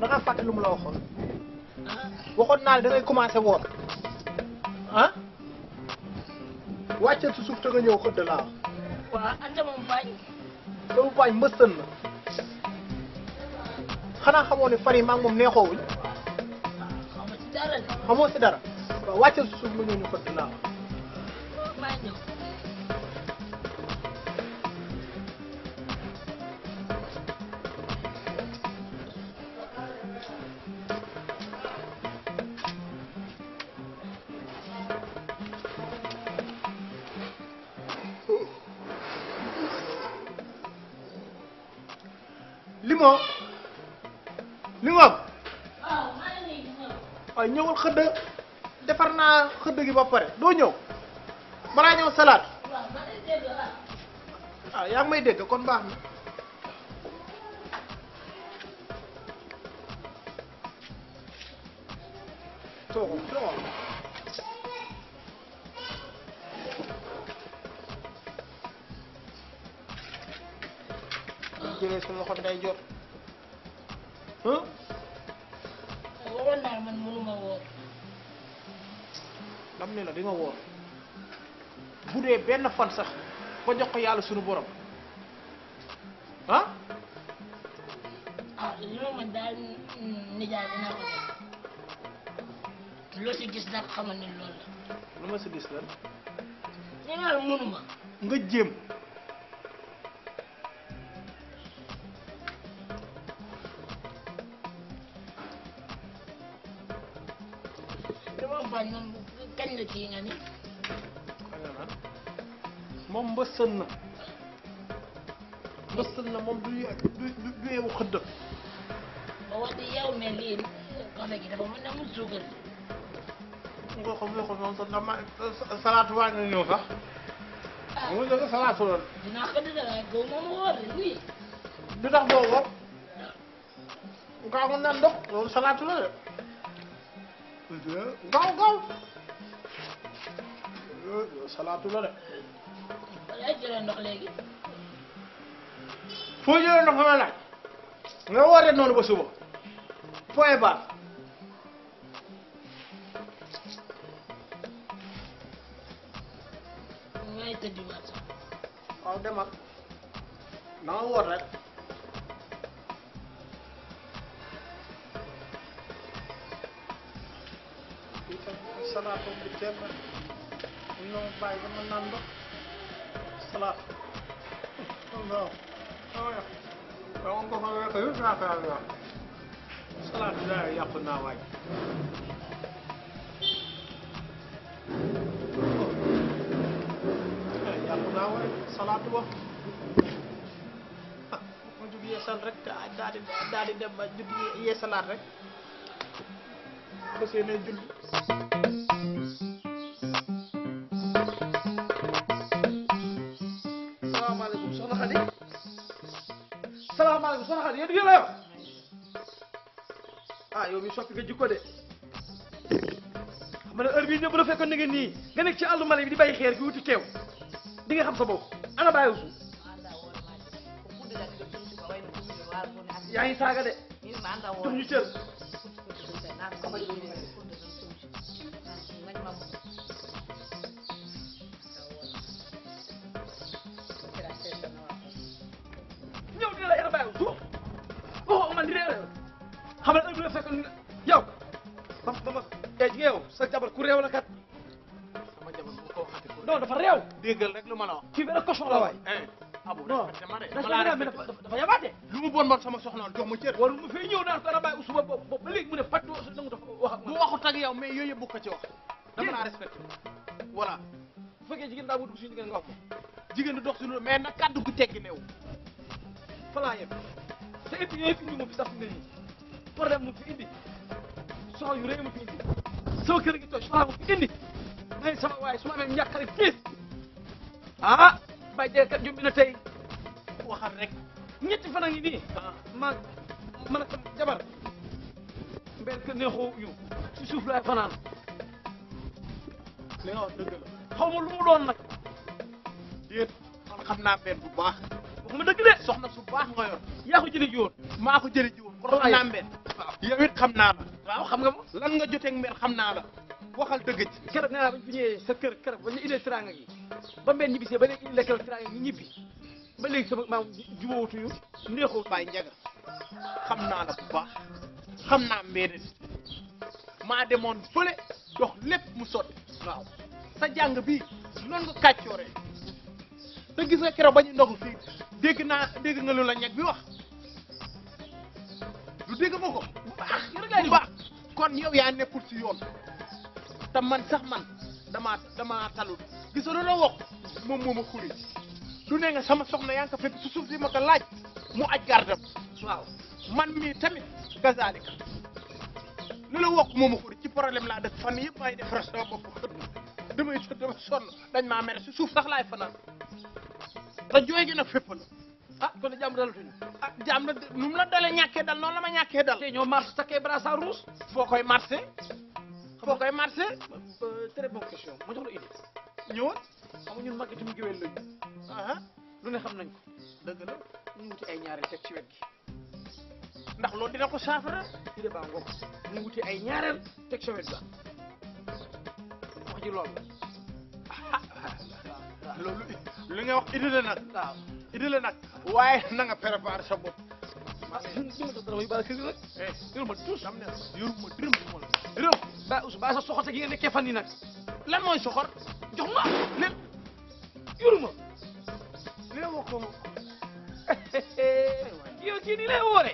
da nga lu mu la waxoon waxoon naa ne da ngay commencé woor ah wàccal si suuf te nga ñëw xëdd laa waaw anta moom bañ loolu bañ mbëstan na xanaa xamoo ne far yi maa ngi moom neexoowuñ xamoo si dara waaw suuf nga ñëw ñu xëdd laa limon limon waaw ñëwal xëdd defar naa xëdd gi ba pare doo ñëw balaa ñëw salaat waaw ah, yaa ngi may dégg kon baax na jëlee sa loxo day jot. waroon naa man mënuma woor. dam ne la di woor bu dee benn fan sax ba jox ko yàlla sunu boroom ah. ah li ma daal hmm, nijaay dinaa si gis nag xamal ni loolu la. lu ma si gis lan. nee naa la nga jéem. la kii nga ni moom mbësën na mbësën na moom du du du yeewu xëdd ba waxtu yow mais lii kafe gi dafa mën na mu suukar nga ko nga ko moom sax dama salaatu waa nga ñëw sax mu dëgg salaatu la dinaa xëdd da waaye goo moom wóor lii du tax doo wóor gaaw nga naan ndox loolu salaatu la de gaaw gaaw yow salaatu la de. walaay ba suba. fooy baax. bu ñu la ma bàyyi dama naan ndox salaat waaw waaw nga ko fa weq yu naataal waaw salaat bi daal yàqu naa waay yàqu naa waay salaat wax ah ma jug yeesal rek daal di daal di dem ba jug yeesalaat rek fas yéene julli saxal yéen yi la yor ah yow mi soppi nga jikko de xam nga bii ñëpp bu la fekkoon ne ngeen nii nga nekk ci àllu mala bi di bàyyi xeer gi wuti keew di nga xam sa bopp ana bàyyi su yaa ngi saaga de. jox ñu cër. déggal rek lu ma la wax. kii benn cochon la waay. Eh, abu ah dafa dafa yabaate. lu mu bon bon sama soxna woon jox ma cër. warul mu fee ñëw naan dara bàyyi suba boobu ba léegi mu ne fàttali wax dama dafa wax ak. mu waxut ak yow mais yooyu yëpp bu ko ci wax. dama laa respecté voilà. bu fekkee jigéen daa wut suñu jigéen nga wax ko. jigéen du dox suñu mais nag kaddu gu teggi néew. fa laa yem. te it yooyu fi ñu ma fi sax ne nii problème mu fi indi soxla yu rëy ma fi indi sama kër gi toj soxla mu fi indi man sama waaye su ma amee ñàkk rek gis ah Baye Dieng kat jumbi na tey waxal rek ñetti fan a ngi nii. ma man ak sama jabar mbel ka yu si suuf laay fanaan. li nga wax dëgg xaw ma lu mu doon nag. xam naa mbel bu baax. wax ma dëgg de soxna su baax nga yor. yaa ko jëlee ji woon. maa ko jëlee ji woon. waaw xam naa mbel. waaw yow it xam naa la. waaw xam nga ma lan nga joteeg mbel xam naa la. waxal dëgg ci. keroog nee naa ba ñu fi sa kër keroog ba ñu indee teraanga gi. ba mel ñibbisee ba léegi ñu lekkal tiraay ñu ñibbi ba léegi sama maam jubóotuñu neexul bàyyi njaga xam naa la bu baax xam naa mbéy maa demoon fële dox lépp mu sotti waaw sa jàng bi noonu nga kàccooree te gis nga keroog ba ñu ndogu fii dégg naa dégg nga lu la ñag bi wax du dégg ma ko bu baax yërëgaay kon yow yaa nekkul ci yoon te man sax man damaa damaa talut gis nga lu la wax moom moo ma xuri du nga sama soxna yaa ngi ko fekk su suuf si ma ko laaj mu aj gardam waaw man mii tamit gazalika lu la wax moom ma xuri ci problème laa def fan yëpp maay def restaurant bopp damay tëdd dama suuf sax laay fanaan te jooy gi nag fépp la ah kon jàmm dalatuñu ah jàmm la nu mu la dalee ñàkkee dal noonu la ma ñàkkee dal te ñoo marché takkee brassard rouge foo koy marché foo koy marché très question ma jox la idée ñëwoon xam nga ñun mag itam géwél lañu lu ne xam nañ ko dëgg ñu wuti ay ñaareel teg ci wet gi ndax loolu dina ko saafara di baa ay ñaareel teg ci wet ga wax ji loolu loolu li nga wax idée la nag waaye na nga préparer sa bopp parce que dima da dara eh. ba kër nag yoru ma tous am ne yoru yu dërëm ma réew ba us ba sa soxote gi nga nekkee fan yi nag lan mooy soxor jox ma lépp yuruma li la waxoon yow kii nii lay woore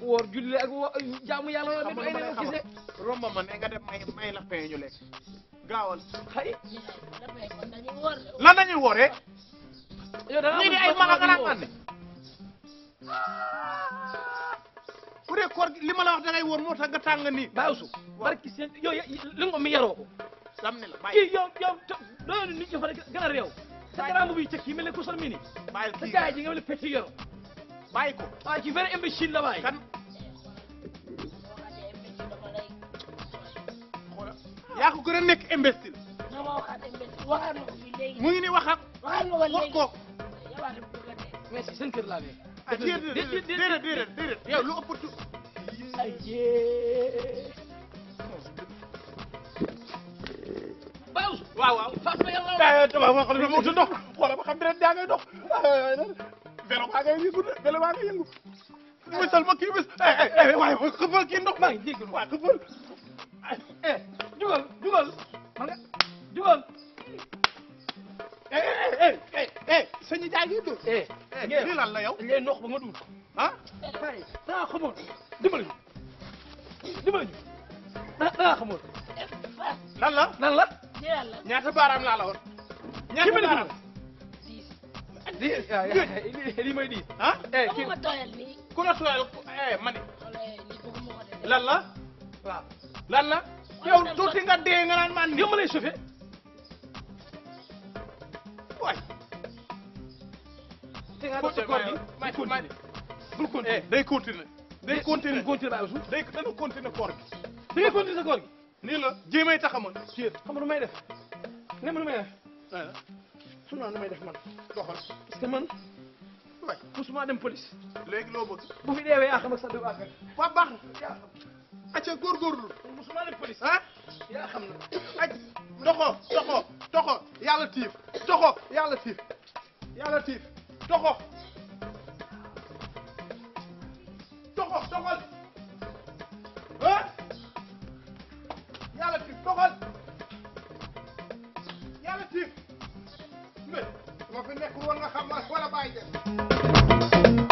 woor julli ak wo jaamu yàlla nga def may may la pain lekk gaawal. xëy lan la ñuy wooree. yow da nga ay mala nga ne. bu dee koor gi li ma la wax da ngay woor moo tax nga tàng nii. waaw su barki mi yaroo ko. ne la bàyyi kii yow yow doyoon nit ñi fa gën a réew. sa grand mel ne ku sol mini. bàyyi kii nga mel ne petit yoro. bàyyi ko waaw ci vrai imbécile la bàyyi. kan yaa ko gën a nekk mu ngi ni waxaat. waxaat na ah déedéet déedéet déedéet yow lu ëpp tu. waaw waaw waaw. daa tabax boo xam ne dama uti ndox xoolal ba xam ne daa ngay dox vélo baa ngay yëngu vélo baa ngay yëngu. misal ma kii bis eh, eh, eh, waaye xëfal kii ndox ma waaw xëfal. jugal jugal man nga jugal. sëñ bi daa ngi dóor Eh, lii lan la yow lii nox ba nga duur ah waaye daa xamoon dimbali ñu dimbali ñu daa xamoon lan la lan la ñaata baaraam laa la woon ñaata baaraam ah, eh, lii lii may diis ah eh, tooyal ma ne lan la waaw lan la yow tuuti naan maan ni ma lay chauffé bul continuer eh. day continuer day continuer day dana continuer koor gi da ngay continuer sa koor gi nii la jéemay taxamoon ci xam nga lu may def ne ma lu a def su eh. naa lu may def man doxal parce que man waay dem police léegi loo bëgg bu fi deewee yaa xam sa def affaire waaw baax na yaa xam acca góorgóorlu musuma dem police ah yaa xam na aj doxo doxo doxo yàlla tiif doxo yàlla tiif doxo doxo doxal ah yàlla ci doxal yàlla ci mais ma fi nekk woon nga xam wala bàyyi